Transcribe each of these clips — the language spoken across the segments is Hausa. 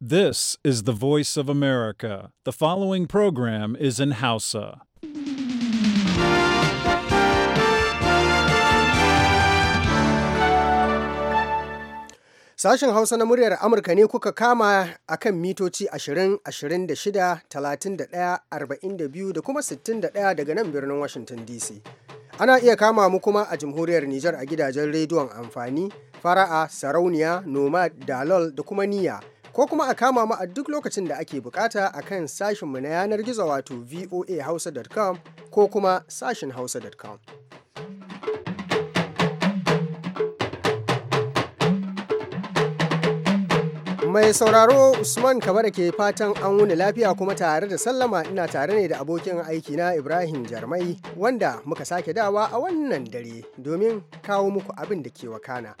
This is the voice of America. The following program is in Hausa. Sashen Hausa na muryar Amurka ne kuka kama a kan mitoci 20, 26, 31, 42 da kuma 61 daga nan birnin Washington DC. Ana iya kama mu kuma a jamhuriyar Nijar a gidajen rediyon amfani, fara'a, sarauniya, nomad, dalol da kuma niyya. ko kuma a kama mu a duk lokacin da ake bukata a kan sashinmu na yanar gizo wato voahausa.com ko kuma sashin hausa.com. Mai sauraro Usman Kabara ke fatan an wuni lafiya kuma tare da sallama ina tare ne da abokin aiki na Ibrahim Jarmai wanda muka sake dawa a wannan dare domin kawo muku abin da ke wakana.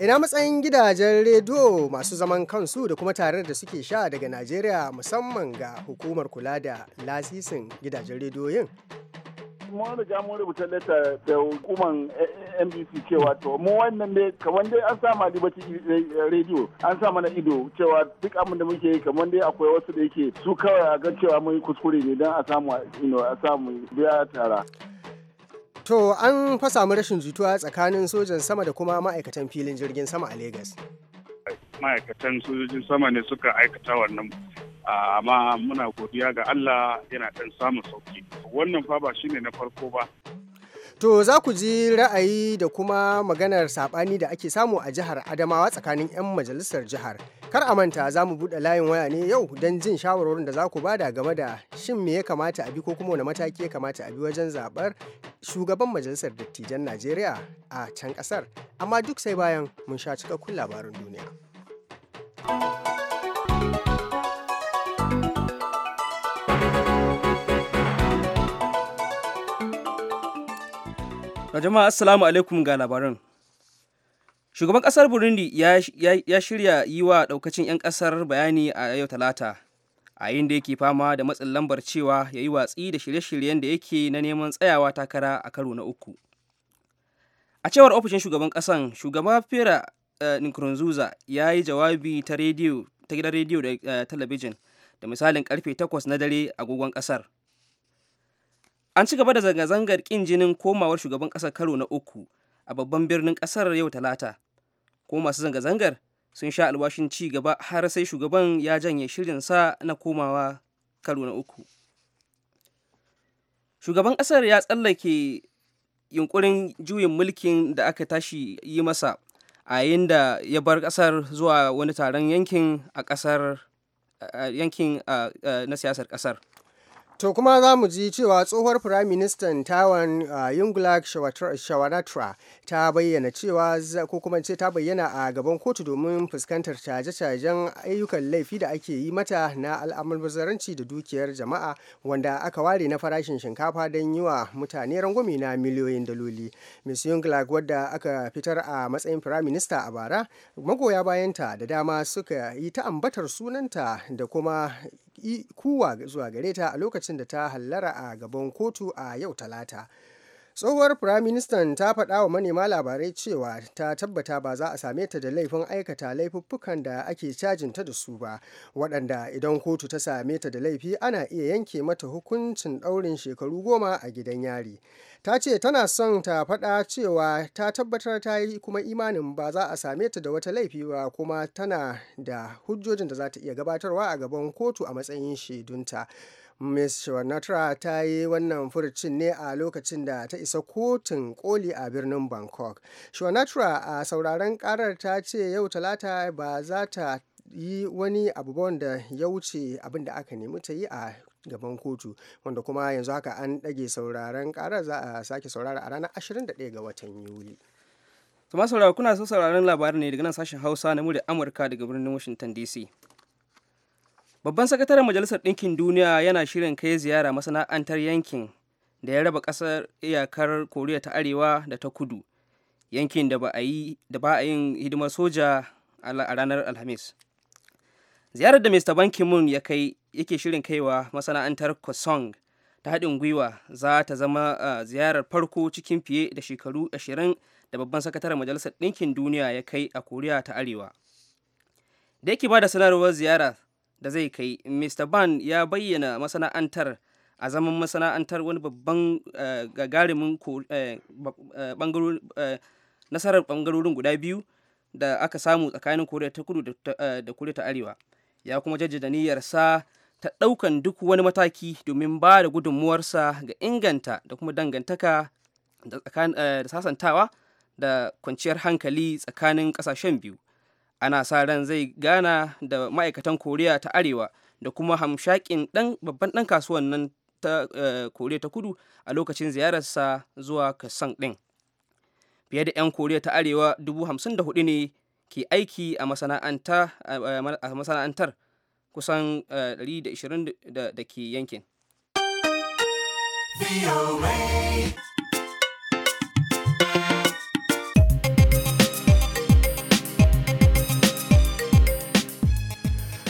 Ina matsayin gidajen rediyo masu zaman kansu da kuma tare da suke sha daga Najeriya musamman ga hukumar kula da lasisin gidajen rediyoyin? mun riga mun rubuta leta da hukuman NBC cewa to mu wannan ne kamar dai an sama liberty radio an sa mana ido cewa duk abin da muke yi kamar dai akwai wasu da yake su kawai a ga cewa mun kuskure ne don a samu a samu biya tara. To an fa samu rashin jituwa tsakanin sojan sama da kuma ma'aikatan filin jirgin sama a Legas. Ma'aikatan sojojin sama ne suka aikata wannan amma muna godiya ga Allah yana ɗan samun sauki. Wannan fa ba shine na farko ba. To za ku ji ra'ayi da kuma maganar saɓani da ake samu a jihar Adamawa tsakanin 'yan majalisar jihar. Kar a manta za mu buɗe layin waya ne yau don jin shawarorin da za ku bada game da shin me ya kamata a bi ko kuma wani mataki ya kamata a bi wajen zaɓar shugaban majalisar dattijan Najeriya a can ƙasar. Amma duk sai bayan mun sha cikakkun labarin duniya. Na jama'a assalamu alaikum ga labarin. Shugaban ƙasar Burundi ya, shirya yi wa ɗaukacin 'yan ƙasar bayani a yau talata a yin da yake fama da matsin lambar cewa ya yi watsi da shirye-shiryen da yake na neman tsayawa takara a karo na uku. A cewar ofishin shugaban ƙasan shugaba Fera uh, eh, Nkurunziza ya yi jawabi ta rediyo ta gidan rediyo da eh, talabijin da misalin karfe takwas na dare a agogon ƙasar an ci gaba da zanga-zangar ƙin jinin komawar shugaban ƙasar karo na uku a babban birnin ƙasar yau talata ko masu zanga-zangar sun sha alwashin ci gaba har sai shugaban ya janye sa na komawa karo na uku shugaban ƙasar ya tsallake yunkurin juyin mulkin da aka tashi yi masa a yayin da ya bar ƙasar zuwa wani taron yankin a ƙasar yankin na siyasar ƙasar To kuma za mu ji cewa tsohuwar Firaministan Taiwan uh, Yingluck Shawaratra ta bayyana cewa ko kuma ce ta bayyana a gaban kotu domin fuskantar caje-cajen ayyukan laifi da ake yi mata na al'amalbazaranci da dukiyar jama'a wanda aka ware na farashin shinkafa don yi wa mutane rangwame na miliyoyin daloli. Ms. Yingluck wadda aka fitar a matsayin Firaminista a bara, magoya bayanta da dama suka yi ta ambatar sunanta da kuma kuwa zuwa gare ta a lokacin da ta hallara a gaban kotu a yau talata tsohuwar firaministan ta faɗa wa manema labarai cewa ta tabbata ba za a same ta da laifin aikata laifuffukan da ake cajin ta da su ba waɗanda idan kotu ta same ta da laifi ana iya yanke mata hukuncin ɗaurin shekaru goma a gidan yari ta ce tana son ta faɗa cewa ta tabbatar ta yi kuma imanin ba za a same ta da wata laifi ba kuma tana da hujjojin da za ta iya gabatarwa a gaban kotu a matsayin shaidunta. ms wanatra ta yi wannan furucin ne a lokacin da ta isa kotun koli a birnin bangkok shwanatra a sauraren karar ta ce yau talata ba za ta yi wani abubuwan da ya wuce abinda aka nemi ta yi a gaban kotu wanda kuma yanzu haka an ɗage sauraron ƙarar za a sake saurara a ranar 21 ga watan yuli to kuna so sauraron labarin ne daga nan sashen hausa na murya amurka daga birnin washington dc babban sakataren majalisar ɗinkin duniya yana shirin kai ziyara masana'antar yankin da ya raba ƙasar iyakar koriya ta arewa da ta kudu yankin da ba a yin hidimar soja a ranar alhamis ziyarar da mr ban moon ya kai yake shirin kaiwa masana'antar kosong ta haɗin gwiwa za ta zama ziyarar farko cikin fiye da shekaru ashirin da babban sakataren majalisar ɗinkin duniya ya kai a koriya ta arewa da yake ba da sanarwar ziyara da zai kai mr ban ya bayyana masana'antar a zaman masana'antar wani babban eh, gagarumin eh, eh, nasarar bangarorin guda biyu da aka samu tsakanin koriya ta kudu da koriya ta arewa ya kuma jajjada niyyarsa ta ɗaukan duk wani mataki domin ba da gudunmuwarsa ga inganta da kuma dangantaka da sasantawa da kwanciyar hankali tsakanin ƙasashen biyu ana sa ran zai gana da ma'aikatan koriya ta arewa da kuma hamshakin dan babban dan kasuwan nan ta eh, koriya ta kudu a lokacin ziyararsa zuwa kasan din fiye da 'yan koriya ta arewa dubu hamsin da hudu ne ke aiki a masana'antar kusan 120 eh, da ke yankin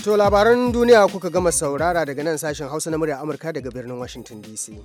To labaran duniya kuka gama saurara daga nan sashen Hausa na murya Amurka daga birnin Washington DC.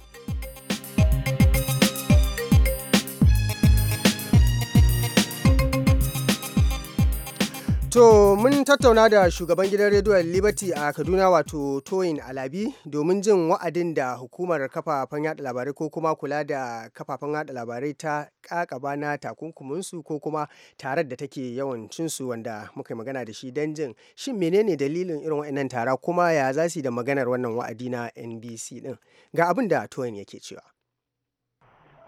To mun tattauna da shugaban gidan rediyon Liberty a Kaduna wato Toyin Alabi domin jin wa'adin da hukumar kafafen yada labarai ko kuma kula da kafafen yada labarai ta kakaba na takunkuminsu ko kuma tarar da take yawan cinsu wanda muka yi magana da shi don jin shin menene dalilin irin wa'annan tara kuma ya za su da maganar wannan wa'adi na NBC din ga abin da Toyin yake cewa.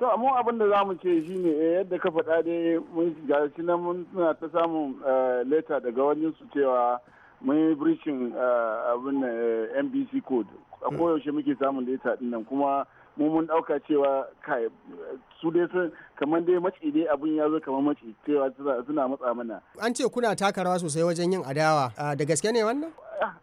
to mu abin da zamu ce shine eh, yadda ka faɗa dai mun shi nan mun suna ta samun eh, leta daga wajen su cewa mun yi breaching eh, abin mbc code a koyaushe muke samun leta din kuma mu mun ɗauka cewa kai su dai sun kamar dai matsi dai abun ya zo kamar matsi cewa suna matsa mana an ce kuna taka rawa sosai wajen yin adawa da gaske ne wannan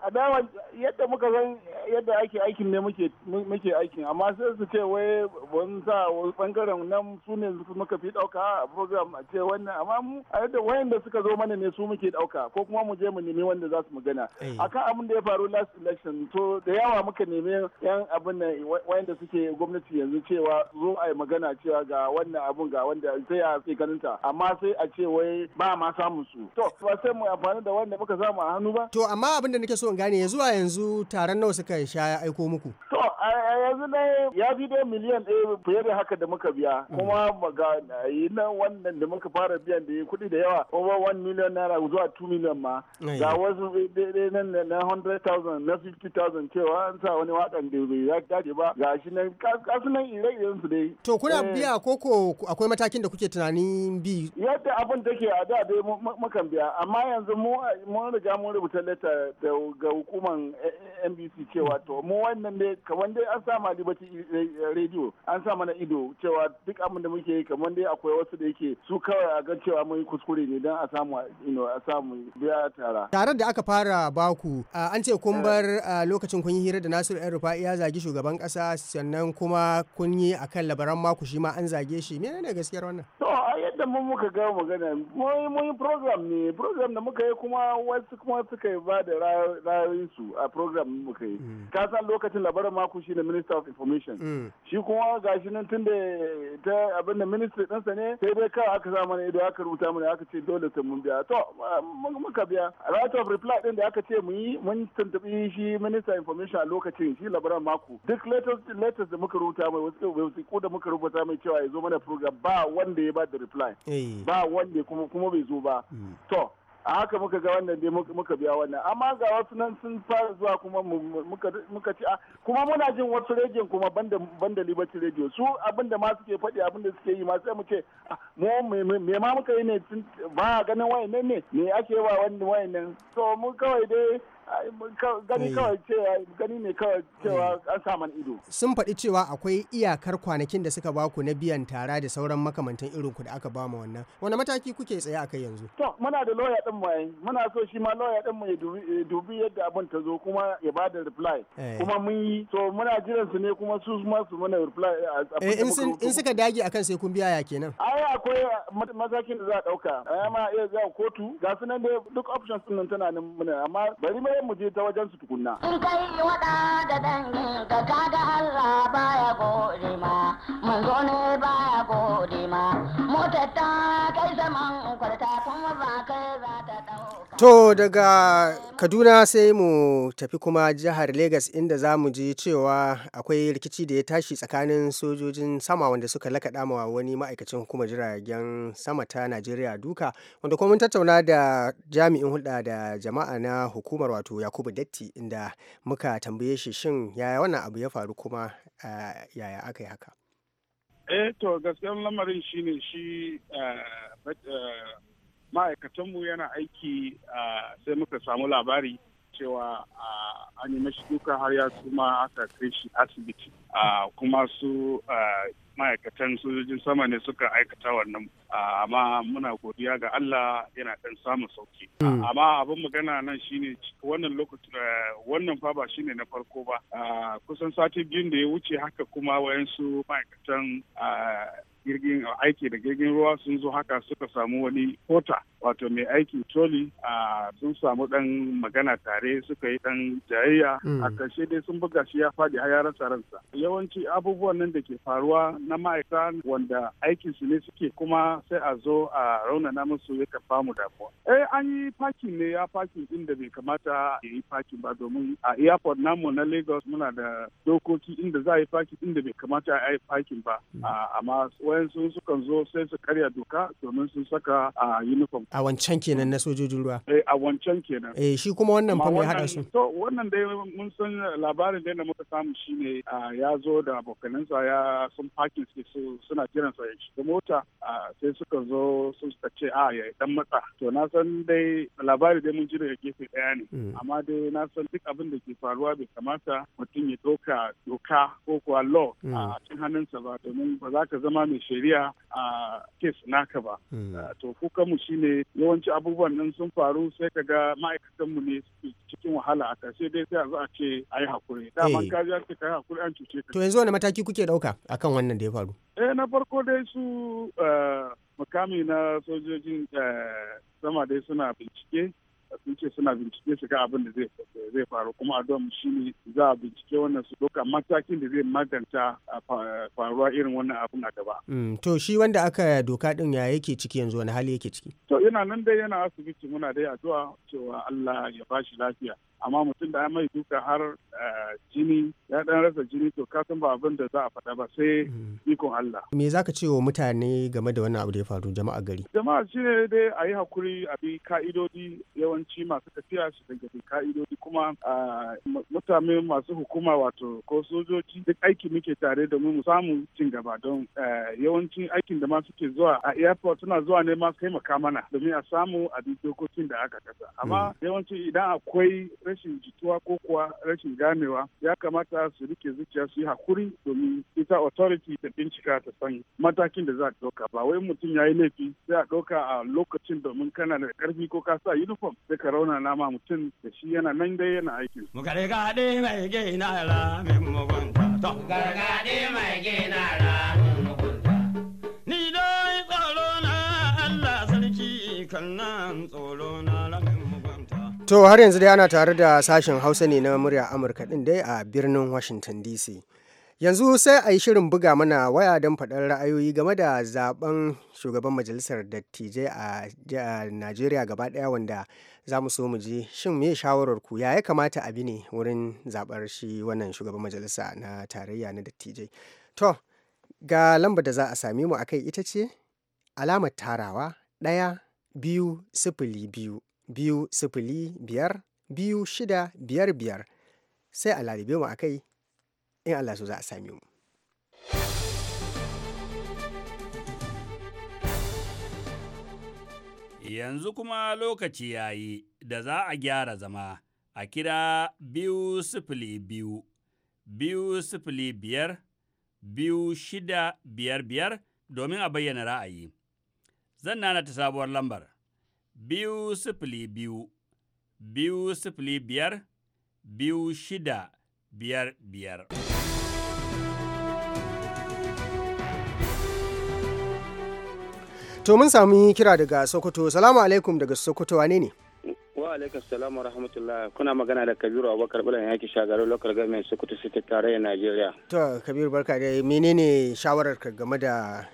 adawa yadda muka san yadda ake aikin ne muke aikin amma sai su ce wai ban sa wani bangaren nan su ne muka fi dauka a program a ce wannan amma mu a yadda wayanda suka zo mana ne su muke dauka ko kuma mu je mu nemi wanda za su magana eh. akan abin da ya faru last election to da yawa muka nemi yan abin nan wayanda suke gwamnati yanzu cewa zo a yi magana cewa ga wannan abin. ga wanda sai a sai ganinta amma sai a ce wai ba ma samun su to ba sai mu amfani da wanda muka samu a hannu ba to amma abin da nake so in gane ya zuwa yanzu taron nawa suka sha ya aiko muku to a yanzu ne ya fi da miliyan ɗaya fiye da haka da muka biya mm. kuma ga yi na wannan da muka fara biyan da kuɗi da yawa over one million naira zuwa two million ma ga wasu daidai thousand na fifty na cewa an sa wani waƙan da bai dace ba ga shi nan kasu nan ire-iren su dai to kuna eh. biya koko akwai matakin da kuke tunanin bi yadda abin take a da dai makan biya amma yanzu mun riga mun rubuta leta ga hukuman NBC cewa to mu wannan ne kamar dai an sama libati eh, radio an sa mana ido cewa duk abin da muke yi kamar dai akwai wasu da yake su kawai a ga cewa mun kuskure ne don a samu a samu biya tara tare da aka fara baku an ce kun eh. bar lokacin kun yi hira da Nasiru Yan Rufa'i ya zagi shugaban kasa sannan kuma kun yi akan labaran maku shi ma an zage shi me ne gaskiyar wannan to a yadda mun muka ga magana mun program ne program da muka yi kuma wasu kuma suka ba da su a program mun muka yi mm. ka san lokacin labarin mako shi ne minister of information mm. shi kuma gashi nan tun ta abin ministry minister ɗansa ne sai dai kawai aka sa mana ido aka rubuta mana aka ce dole sai mun biya to muka biya right of reply din da aka ce mu yi mun tuntubi shi minister of information a lokacin shi labaran mako duk letters da muka rubuta mai wasu da muka rubuta mai cewa ya zo mana program ga ba wanda ya ba da reply eh. ba wanda kuma bai zo ba hmm. to a haka muka ga wannan dai muka biya wannan amma ga wasu nan sun fara zuwa kuma muka ci kuma muna jin wasu rediyon kuma banda liberty radio su abinda ma suke faɗi abinda suke yi ma sai mu ce mu me ma muka yi ne ba ganin wayannan ne me ake wa wannan wayannan to mu kawai dai gani kawai cewa gani ne kawai cewa an sa man ido sun faɗi cewa akwai iyakar kwanakin da suka baku na biyan tara da sauran makamantan irin ku da aka ba mu wannan wani mataki kuke tsaye akai yanzu to muna da lawyer din mu muna so shi ma lawyer din mu ya dubi yadda abin ta zo kuma ya ba da reply eh. kuma mun yi so muna jiran su ne kuma su ma su mana reply eh, in suka dage akan sai kun biya ya kenan ai akwai matakin da za a dauka amma ma iya zuwa kotu ga sunan da duk options din tana nan amma bari mai sai mu je ta wajen su tukunna. In kai wada da dangi ka kaga Allah baya gode ma, zo ne baya gode ma, motar ta kai zaman kwarta kuma ba kai za ta dauka. To daga Kaduna sai mu tafi kuma jihar Legas inda za mu ji cewa akwai rikici da ya tashi tsakanin sojojin sama wanda suka lakaɗa ma wani ma'aikacin hukumar jiragen sama ta Najeriya duka wanda kuma mun tattauna da jami'in hulɗa da jama'a na hukumar wato yakubu datti inda muka tambaye shi shin yaya wannan abu ya faru kuma eh, yaya aka yi haka eh to gaskiyar lamarin shi ne eh, shi eh, ma'aikatanmu yana aiki sai muka samu labari cewa an yi mashi duka har ya suma aka kai shi asibiti kuma su ma'aikatan sojojin sama ne suka aikata wannan amma muna godiya ga Allah yana ɗan samun sauki hmm. amma abin magana nan shine wannan lokacin wannan fa ba shine na farko ba kusan sati biyun da ya wuce haka kuma wayansu ma'aikatan aiki da jirgin ruwa sun zo haka suka samu wani kota wato mai aikin toli a sun samu dan magana tare suka yi dan jayayya hmm. a karshe dai sun buga shi ya faɗi har ya rasa ransa yawanci abubuwan nan da ke faruwa na ma'aikata wanda aikin su ne suke kuma sai a zo a raunana musu ya kafa mu damuwa eh an yi parking ne ya parking din da bai kamata a yi parking ba domin a airport namu na Lagos muna da dokoki inda za a yi parking inda bai kamata a yi parking ba hmm. amma wayansu sukan zo sai su karya doka domin sun saka a uniform a wancan kenan na sojojin ruwa eh, a wancan kenan eh shi kuma wannan fa mai hada su to wannan dai mun san labarin da muka samu shine ya zo da abokanansa ya sun parking suke suna jiran sa ya shiga mota sai suka zo sun suka ce a ya dan matsa to na san dai labarin dai mun ji daga gefe daya ne mm. amma dai na san duk abin da ke faruwa bai kamata mutum ya doka doka ko kuwa law a mm. cikin hannunsa ba domin ba za ka zama mai shari'a a kes naka ba mm. to kuka mu shine yawanci abubuwan nan sun faru sai ka ga ma'aikatanmu ne cikin wahala a ƙarshe dai sai a zo a ce a yi haƙuri. Eh. Daman ka ji ce ka yi haƙuri an cuce ka. To yanzu wani mataki kuke ɗauka akan wannan da ya faru? Eh na farko dai su eh, mukami na sojojin eh, sama dai suna bincike sun ce suna bincike su ga abin da zai faru kuma a don mu ne za a bincike wannan su doka matakin da zai maganta faruwa irin wannan abin a gaba. Mm, to shi wanda aka doka din ya yake ciki yanzu wani hali yake ciki. to yana nan dai yana asibiti muna dai addu'a cewa Allah ya bashi lafiya. amma mutum da ya mai duka har eh, jini ya dan rasa jini to kasan san ba abin da za a faɗa ba sai mm. ikon Allah. Me za ka ce wa mutane game da wannan abu da ya faru jama'a gari? Jama'a shi ne dai a yi hakuri a bi ka'idodi yawanci masu tafiya su daga bi ka'idodi kuma eh, mutane masu hukuma wato ko sojoji duk aiki muke tare da mu samu cin gaba don eh, yawancin aikin da ma suke zuwa a airport suna zuwa ne ma taimaka mana domin a samu a bi dokokin da aka kasa. Amma mm. yawanci idan akwai rashin jituwa ko kuwa rashin ganewa ya kamata su rike zuciya su yi hakuri domin ita authority ta bincika ta san matakin da za a ɗauka ba wai mutum ya yi laifi sai a ɗauka a lokacin domin kana da ƙarfi ko ka sa uniform sai ka rauna nama mutum da shi yana nan dai yana aikin. Gargaɗe mai gina ra mai mugunta. Gargaɗe mai gina ra mai mugunta. Ni dai tsoro na Allah sarki kan nan tsoro na lamin To har yanzu dai ana tare da sashen Hausa ne na murya Amurka ɗin dai a birnin Washington DC. Yanzu sai a yi shirin buga mana waya don faɗar ra'ayoyi game da zaben shugaban majalisar dattijai a Najeriya gaba ɗaya wanda za mu so mu ji shin me shawarar ku ya kamata a bi ne wurin zaɓar shi wannan shugaban majalisa na tarayya na dattijai. To ga lamba da za a same mu a kai ita ce alamar tarawa ɗaya biyu sifili biyu biyu sifili biyar biyu shida biyar biyar sai a lalibe mu a kai in Allah so za a sami mu. Yanzu kuma lokaci ya yi da za a gyara zama a kira biyu sifili biyu, biyu sifili biyar, biyu shida biyar biyar domin a bayyana ra'ayi. Zan nana ta sabuwar lambar. biyu sifili biyu, biyu sifili biyar, biyu shida biyar biyar. To mun sami kira daga Sokoto, salamu alaikum daga Sokoto wane ne? Wa alaikum salam wa rahmatullah kuna magana da Kabiru Abubakar Bulan yaki shagarar local government Sokoto City tarayyar Najeriya. To Kabiru barka dai menene ka game da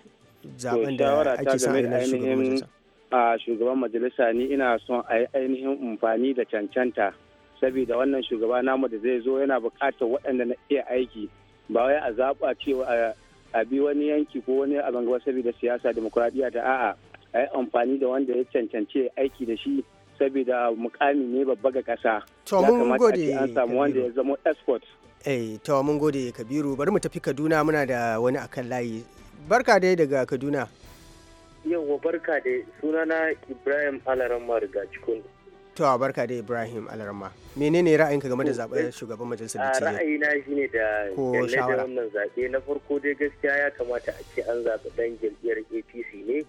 zaben da ake sa na shugaban a shugaban majalisa ni ina son a yi ainihin amfani da cancanta saboda wannan shugaba namu da zai zo yana bukatar waɗanda na iya aiki ba wai a zaɓa cewa a bi wani yanki ko wani a gangawa saboda siyasa demokuraɗiyya ta a'a a yi amfani da wanda ya cancanci aiki da shi saboda mukami ne babba ga ƙasa zama eh to mun gode kabiru bari mu tafi kaduna muna da wani akan layi barka dai daga kaduna wa barka da sunana ibrahim alarama daga cikin to barka da ibrahim alarama menene ra'ayinka game da zaben eh, shugaban majalisar dattijai ra'ayina shine da ko shawara wannan zaɓe na farko dai gaskiya ya kamata a ce an zaɓi ɗan jam'iyyar apc ne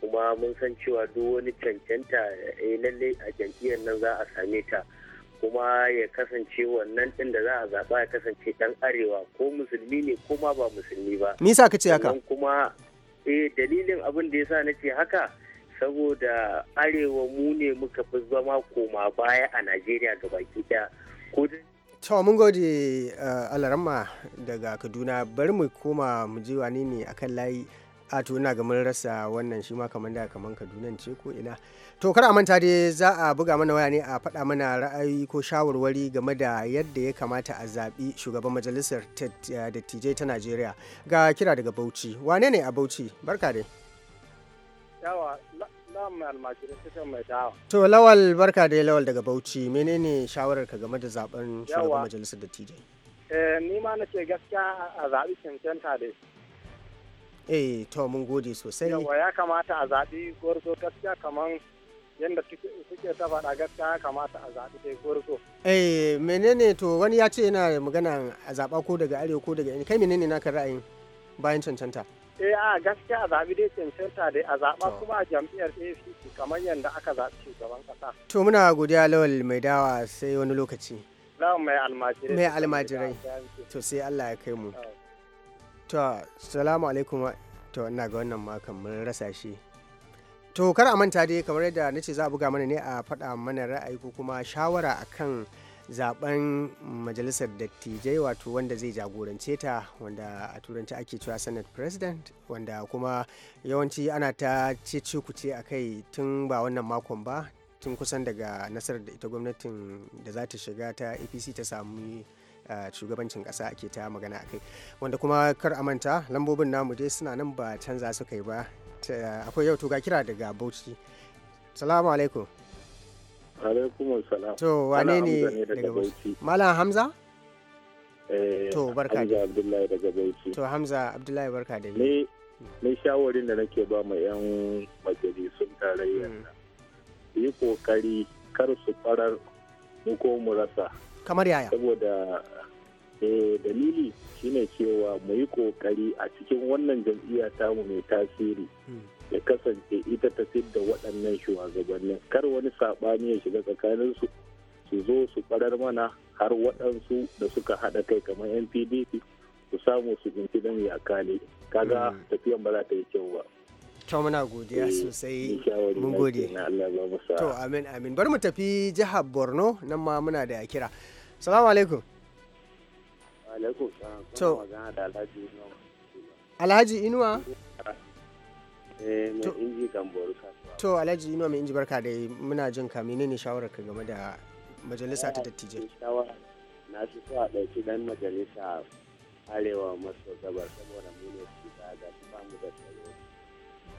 kuma mun san cewa duk wani cancanta eh, lalle a jam'iyyar nan za a same ta kuma ya kasance wannan ɗin da za a zaɓa ya kasance ɗan arewa ko musulmi ne ko ma ba musulmi ba me yasa kace haka kuma eh dalilin abin da ya yasa nace haka saboda arewa mu ne muka fi zama koma baya a najeriya gabaki daya to mun gode eh, alarama daga kaduna bari mu koma mu ji wani ne akan layi a to ina mun rasa wannan shi ma kamar da kamar kaduna ce ko ina to kar a manta dai za a buga mana waya ne a faɗa mana ra'ayi ko shawarwari game da yadda ya kamata a zaɓi shugaban majalisar eh, dattijai ta najeriya ga kira daga bauchi wane ne a bauchi barka dai yawa to lawal barka dai lawal daga bauchi menene shawarar ka game da zaben shugaban majalisar dattijai eh, ni ma na ce gaskiya a zaɓi cancanta dai eh to mun gode sosai yawa ya kamata a zaɓi gwarzo gaskiya kaman yadda suke ta faɗa gaskiya ya kamata a zaɓi dai gwarzo eh menene to wani ya ce yana magana a zaɓa ko daga arewa ko daga kai menene naka ra'ayin bayan cancanta eh a gaskiya a zaɓi dai cancanta dai a zaɓa kuma a jam'iyyar APC kamar yadda aka zaɓi shugaban ƙasa to muna godiya lawal mai dawa sai wani lokaci lawan mai almajirai mai almajirai to sai Allah ya kai mu to salamu alaikum to ina ga wannan ma mun rasa shi to kar a manta dai kamar yadda nace za a buga mana ne a faɗa mana ra'ayi ko kuma shawara akan zaben majalisar dattijai wato wanda zai jagorance ta wanda a turanci ake cewa senate president wanda kuma yawanci ana ta ce kuce a kai tun ba wannan makon ba tun kusan daga nasarar da ita gwamnatin da za ta shiga ta apc ta samu shugabancin ƙasa ake ta magana a kai wanda kuma kar a manta lambobin namu dai suna nan ba canza su yi ba akwai yau ga kira daga bauchi salamu alaikum alaikum salam to wane ne daga bauchi malam hamza eh, to barka da abdullahi daga bauchi to hamza abdullahi barka da ni ni shawarin da nake ba mu yan majalisun tarayyar hmm. nan yi kokari kar su farar mu ko mu rasa kamar yaya saboda eh, dalili shine cewa mu yi kokari a cikin wannan jam'iyya ta mu mai tasiri hmm. ya kasance ita ta da waɗannan shugabannin kar wani saɓani ya shiga tsakaninsu su zo su ɓarar mana har waɗansu da suka haɗa kai kamar npdp su samu su binci don ya kale kaga hmm. tafiyan ba za ta yi kyau ba to muna godiya eh, sosai mun gode to amin amin bari mu tafi jihar borno nan ma muna da kira salamu alaikum to alhaji inuwa eh, to alhaji inuwa mai inji barka da muna jin ka menene shawarar ka game da majalisa ta eh, dattijai na fi so a ɗauki dan majalisa arewa maso gabar saboda mune su ba ga su ba mu da tsaro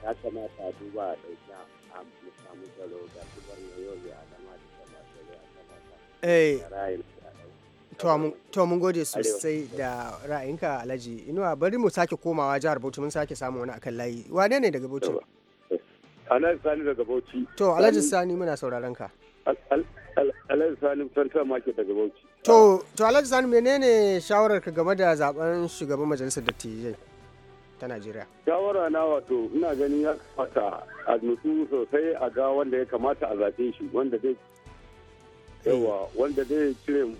ya kamata a duba a ɗauki a mu samu tsaro ga su bar yau ya adama da kamata ya eh. kamata To mun gode sosai da ra'ayinka Alhaji Inuwa bari mu sake komawa jihar Bauchi mun sake samu wani akan layi. Wane ne daga Bauchi? Alhaji Sani daga Bauchi. To Alhaji Sani muna sauraron ka. Alhaji Sani Central Market daga Bauchi. To to Alhaji Sani menene shawarar ka game da zaben shugaban majalisar dattijai ta Najeriya? Shawara na wato ina ganin ya kamata a nutsu sosai a ga wanda ya kamata a zaɓe shi wanda zai eh. yawa wanda zai cire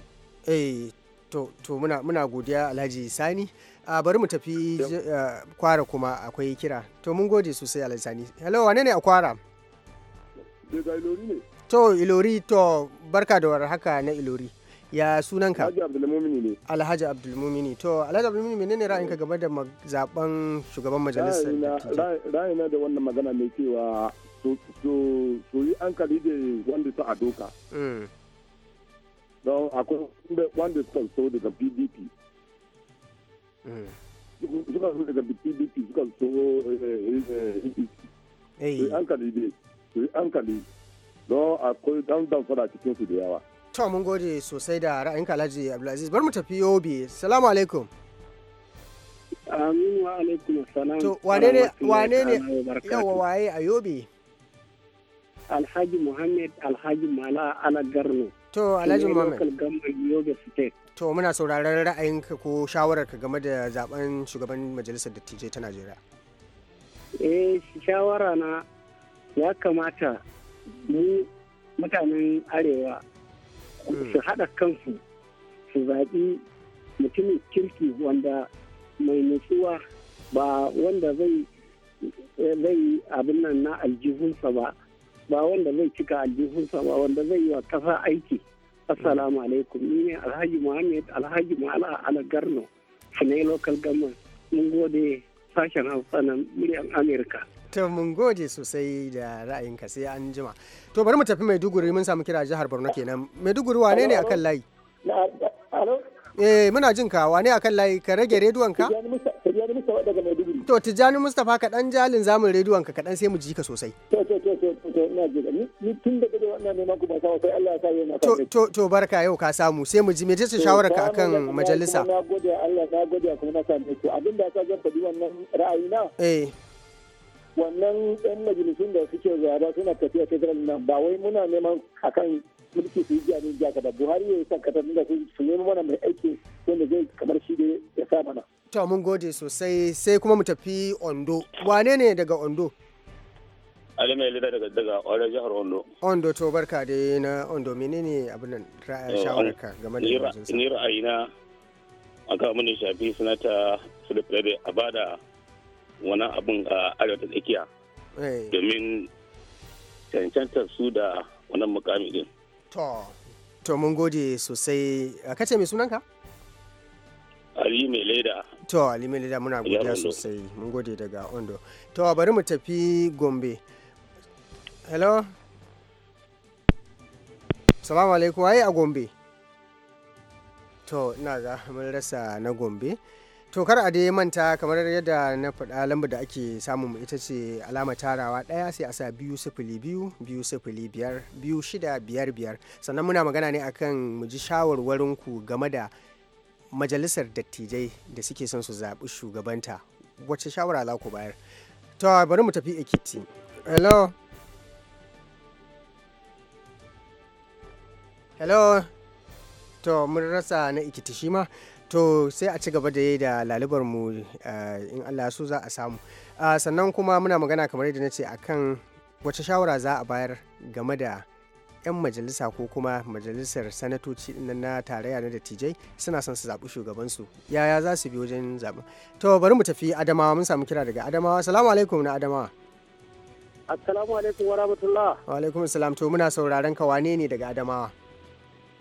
eh to, muna, muna godiya alhaji sani bari mu tafi eh, kwara kuma akwai kira to mun gode sosai alhaji sani hello wane ne a kwara daga ilori ne to ilori to barka da warhaka na ilori ya sunanka alhaji abdulmumini ne alhaji abdulmumini to alhaji abdulmumini menene ra'ayinka eh. game da zaben shugaban majalisar ra'ayina da wannan magana mai cewa to yi an kari da wanda ta a doka mm. don akwai wanda suka so daga pdp suka so daga pdp suka so hankali eh, eh, eh, ne kali don akwai dan damfara cikin su da yawa to mun gode sosai da ra'ayinka alhaji abdulaziz bar mu tafi yobe salamu alaikum amin wa alaikum salam to wane ne wane ne yawa waye a yobe alhaji muhammad alhaji mala ala garno To Alhaji To muna sauraron ra'ayinka ko shawararka game da zaben shugaban majalisar dattijai ta Najeriya. Eh shawara na ya kamata mu mutanen arewa hmm. su haɗa kansu su zaɓi mutumin kirki wanda mai nutsuwa ba wanda zai abin nan na aljihunsa ba. ba wanda zai cika aljihunsa ba wanda zai yi wa kasa aiki assalamu alaikum ni ne alhaji muhammed alhaji mala alagarno funai local government mun gode sashen hausa na muryan amurka to mun gode sosai da ra'ayinka sai an jima to bari mu tafi maiduguri mun samu kira jihar borno kenan maiduguri wane ne akan layi eh muna jin ka wane akan layi ka rage rediyon ka daga maiduguri To Tijjani Mustapha kaɗan jalin zamun rediyon ka kaɗan sai mu ji ka sosai. To to to to to ina ji ni tun da gado ina neman ku ba sa sai Allah ya sa yau na To to to barka yau ka samu sai mu ji me ce shawara ka akan majalisa. Na gode Allah na gode kuma na same ku abinda ka ga fadi wannan ra'ayina. Eh. Wannan ɗan majalisun da suke ba suna tafiya federal nan ba wai muna neman akan mulki su yi jami'in jaka da buhari ya yi san katar da su nemi mana mai aiki wanda zai kamar shi da ya sa mana. to mun gode sosai sai kuma mu tafi ondo wane ne daga ondo. Ali mai lida daga daga ƙwarar jihar Ondo. Ondo to barka dai na Ondo ne abin nan eh, shawararka game da yanzu? Ni ra'ayina aka mun shafi sanata Philip Lede a bada wani abin a arewa ta tsakiya. Eh. Domin cancantar su da wannan mukami din. To, to mun gode sosai. Kace mai sunanka? Ali mai leda. To, Ali mai leda muna godiya sosai. Mun gode daga Ondo. To, bari mu tafi Gombe. Hello? Salamu alaikum, waye a Gombe? To, ina za mun rasa na Gombe. to kar a dai manta kamar yadda na faɗa lambar da ake samun ita ce alama tarawa ɗaya sai a sa biyu sifili biyu biyu sifili biyar biyu shida biyar biyar sannan muna magana ne akan mu ji shawarwarinku game da majalisar dattijai da suke son su zaɓi shugabanta wacce shawara za ku bayar to bari mu tafi ekiti hello hello to mun rasa na ikiti shi ma to sai a ci gaba da yi da lalubar mu eh, in allah su za a samu ah, sannan kuma muna magana kamar yadda na ce akan wace shawara za a bayar game da 'yan majalisa ko kuma majalisar sanatoci na tarayya na dattijai suna son su zaɓi shugabansu yaya za su bi wajen zaɓen to bari mu tafi adamawa mun samu kira daga adamawa salamu alaikum na adamawa assalamu alaikum wa rahmatullah wa alaikum assalam to muna sauraron ka wane ne daga adamawa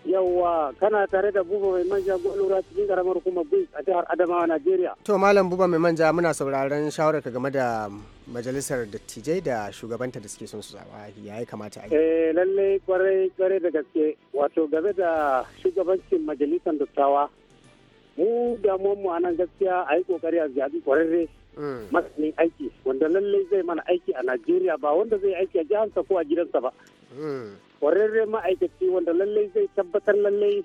Yawwa kana tare da Buba mai manja gwalura cikin karamar kuma Bin a jihar Adamawa Najeriya. To Malam Buba mai manja muna sauraron shawararka game da majalisar dattijai da shugabanta da suke son su zaɓa ya yi kamata a yi. Eh lallai kwarai kwarai da gaske wato game da shugabancin majalisar dattawa mu da mu a nan gaskiya a yi kokari a zaɓi kwararre hmm. masanin aiki wanda lallai zai mana aiki a Najeriya ba wanda zai aiki a sa ko a gidansa ba. Hmm. kwararren ma'aikaci wanda lallai zai tabbatar lallai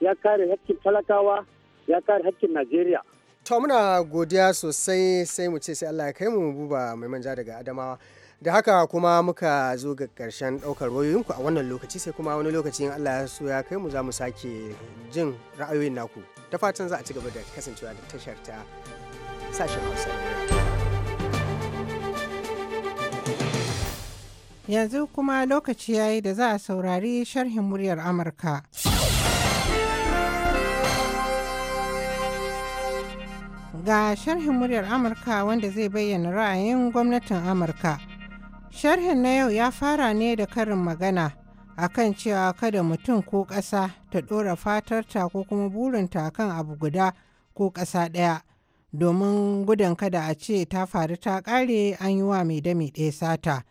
ya kare hakkin talakawa ya kare hakkin najeriya to muna godiya sosai sai mu ce sai allah ya kai mu buba mai manja daga adamawa da haka kuma muka zo ga karshen ɗaukar wayoyinku a wannan lokaci sai kuma wani lokaci in allah ya so ya kai mu za mu sake jin ra'ayoyin naku da fatan za a ci gaba da kasancewa da tashar ta sashen hausa Yanzu kuma lokaci yayi da za a saurari sharhin muryar Amurka. Ga sharhin muryar Amurka wanda zai bayyana ra'ayin gwamnatin Amurka. Sharhin na yau ya fara ne da karin magana akan cewa kada mutum ko ƙasa ta ɗora fatarta ko kuma burinta kan abu guda ko ƙasa ɗaya. domin gudan kada a ce ta faru ta ƙare an yi wa mai dami ɗaya sata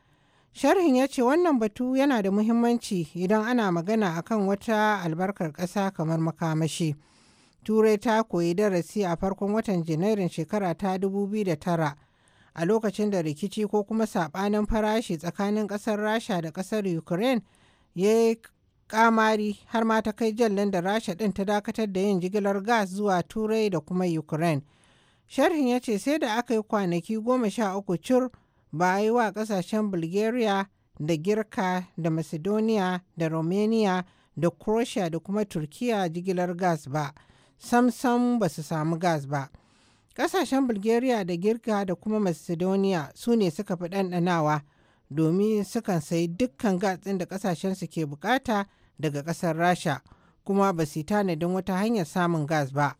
Sharhin ya ce wannan batu yana da muhimmanci idan ana magana akan wata albarkar ƙasa kamar makamashi. Turai ta koyi darasi a farkon watan Janairun shekara ta 2009 a lokacin da rikici ko kuma saɓanin farashi tsakanin ƙasar Rasha da ƙasar Ukraine ya yi kamari har ma ta kai jan da Rasha ɗin ta dakatar da yin jigilar gas zuwa Turai da kuma Ukraine. Sharhin ya ce sai da aka yi kwanaki goma sha uku cur ba a yi wa kasashen bulgaria da girka da macedonia da romania da croatia da kuma turkiya jigilar gas ba samsam ba su samu gas ba kasashen bulgaria da girka da kuma macedonia su ne suka fi ɗanɗanawa domin sukan sayi dukkan gas ɗin da kasashen su ke bukata daga ƙasar rasha kuma ba su yi tanadin wata hanyar samun gas ba.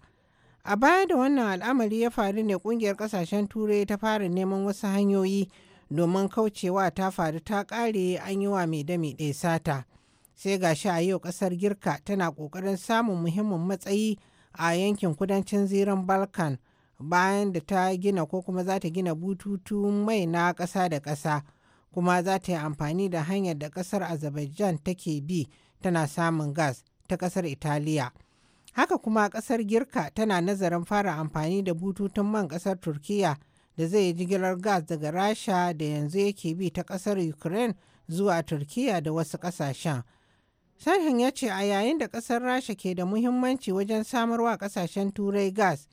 A baya da wannan al'amari ya faru ne kungiyar kasashen turai ta fara neman wasu hanyoyi domin kaucewa ta faru ta ƙare an yi wa mai dami ɗaya sata. Sai ga shi a yau ƙasar Girka tana ƙoƙarin samun muhimmin matsayi a yankin kudancin ziran Balkan bayan da ta gina ko kuma za ta gina bututun mai na ƙasa da ƙasa kuma za ta yi amfani da hanyar da ƙasar Azerbaijan take bi tana samun gas ta ƙasar Italiya. Haka kuma ƙasar Girka tana nazarin fara amfani da bututun man ƙasar turkiya da zai yi jigilar gas daga Rasha da yanzu yake bi ta ƙasar Ukraine zuwa turkiya da wasu ƙasashen. Sarhin ya ce a yayin da ƙasar Rasha ke da muhimmanci wajen samarwa ƙasashen Turai gas,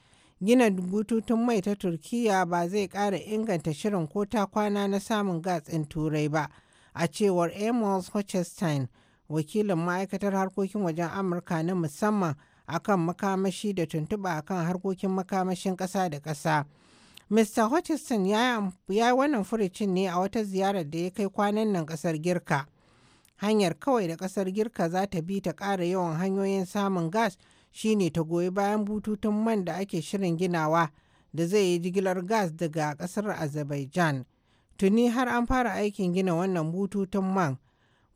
gina bututun mai ta Turkiyya ba zai ƙara inganta shirin ko ta kwana na samun gas in Turai ba, a cewar Amos Hochstein, wakilin ma'aikatar harkokin wajen Amurka na musamman akan makamashi da tuntuɓa akan harkokin makamashin ƙasa da ƙasa. Mista Hutchinson ya yi wannan furicin ne a wata ziyarar da ya kai kwanan nan ƙasar Girka. Hanyar kawai da ƙasar Girka za ta bi ta ƙara yawan hanyoyin samun gas shine ta goyi bayan bututun man da ake shirin ginawa da zai yi jigilar gas daga ƙasar Azerbaijan. Tuni har an fara aikin gina wannan bututun man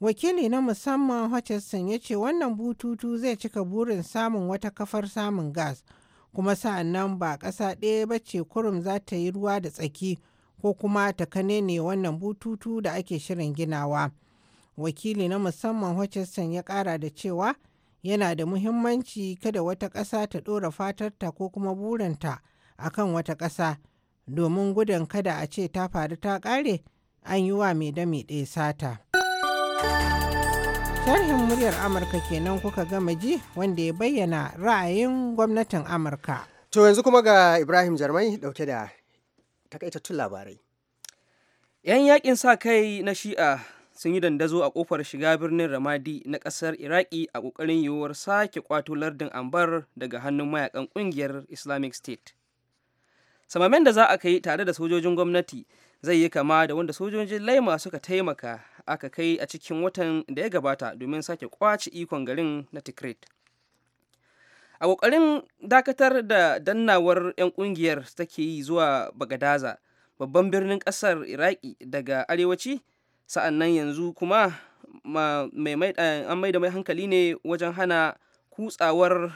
wakili na musamman hutchinson ya ce wannan bututu zai cika burin samun wata kafar samun gas kuma sa'an nan ba ƙasa ɗaya ba ce kurum za ta yi ruwa da tsaki ko kuma ta kane ne wannan bututu da ake shirin ginawa wakili na musamman hutchinson ya ƙara da cewa yana da muhimmanci kada wata ƙasa ta ɗora fatarta ko kuma burinta a kan wata ƙasa domin gudun kada a ce ta faru ta ƙare an yi wa mai dami ɗaya sata. tarihin muryar Amurka kenan kuka gama ji wanda ya bayyana ra'ayin gwamnatin Amurka. To yanzu kuma ga Ibrahim Jarmai dauke da takaitattun labarai. 'Yan yakin sa kai na shi'a sun yi dandazo a kofar shiga birnin Ramadi na kasar Iraki a kokarin yiwuwar sake kwato lardin Ambar daga hannun mayakan kungiyar Islamic State. Samamen da za a kai tare da sojojin gwamnati zai yi kama da wanda sojojin laima suka taimaka aka kai a cikin watan da ya gabata domin sake kwace ikon garin na tikrit a kokarin dakatar da dannawar 'yan kungiyar take yi zuwa bagadaza babban birnin kasar iraki daga arewaci sa'an nan yanzu kuma eh, an mai da mai hankali ne wajen hana kutsawar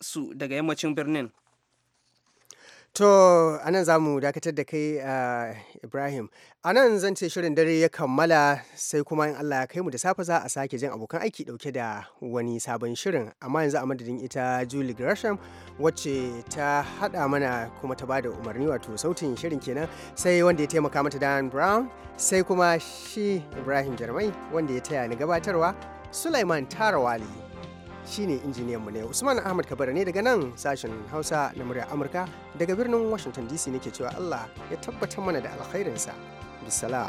su daga yammacin birnin To, anan za mu dakatar da kai uh, Ibrahim. A nan zan ce shirin dare ya kammala sai kuma in Allah ya kai mu da safe za a sake jin abokan aiki dauke da wani sabon shirin. Amma yanzu a madadin ita Julie Gresham wacce ta hada mana kuma ta bada umarni wato sautin shirin kenan sai wanda ya taimaka mata Dan Brown sai kuma shi Ibrahim Jarmai wanda ya taya ni gabatarwa Sulaiman Tarawali. shine mu ne Usman Ahmad Kabara ne daga nan sashen Hausa na murya Amurka daga birnin Washington DC nake cewa Allah ya tabbatar mana da alkhairinsa. bisala.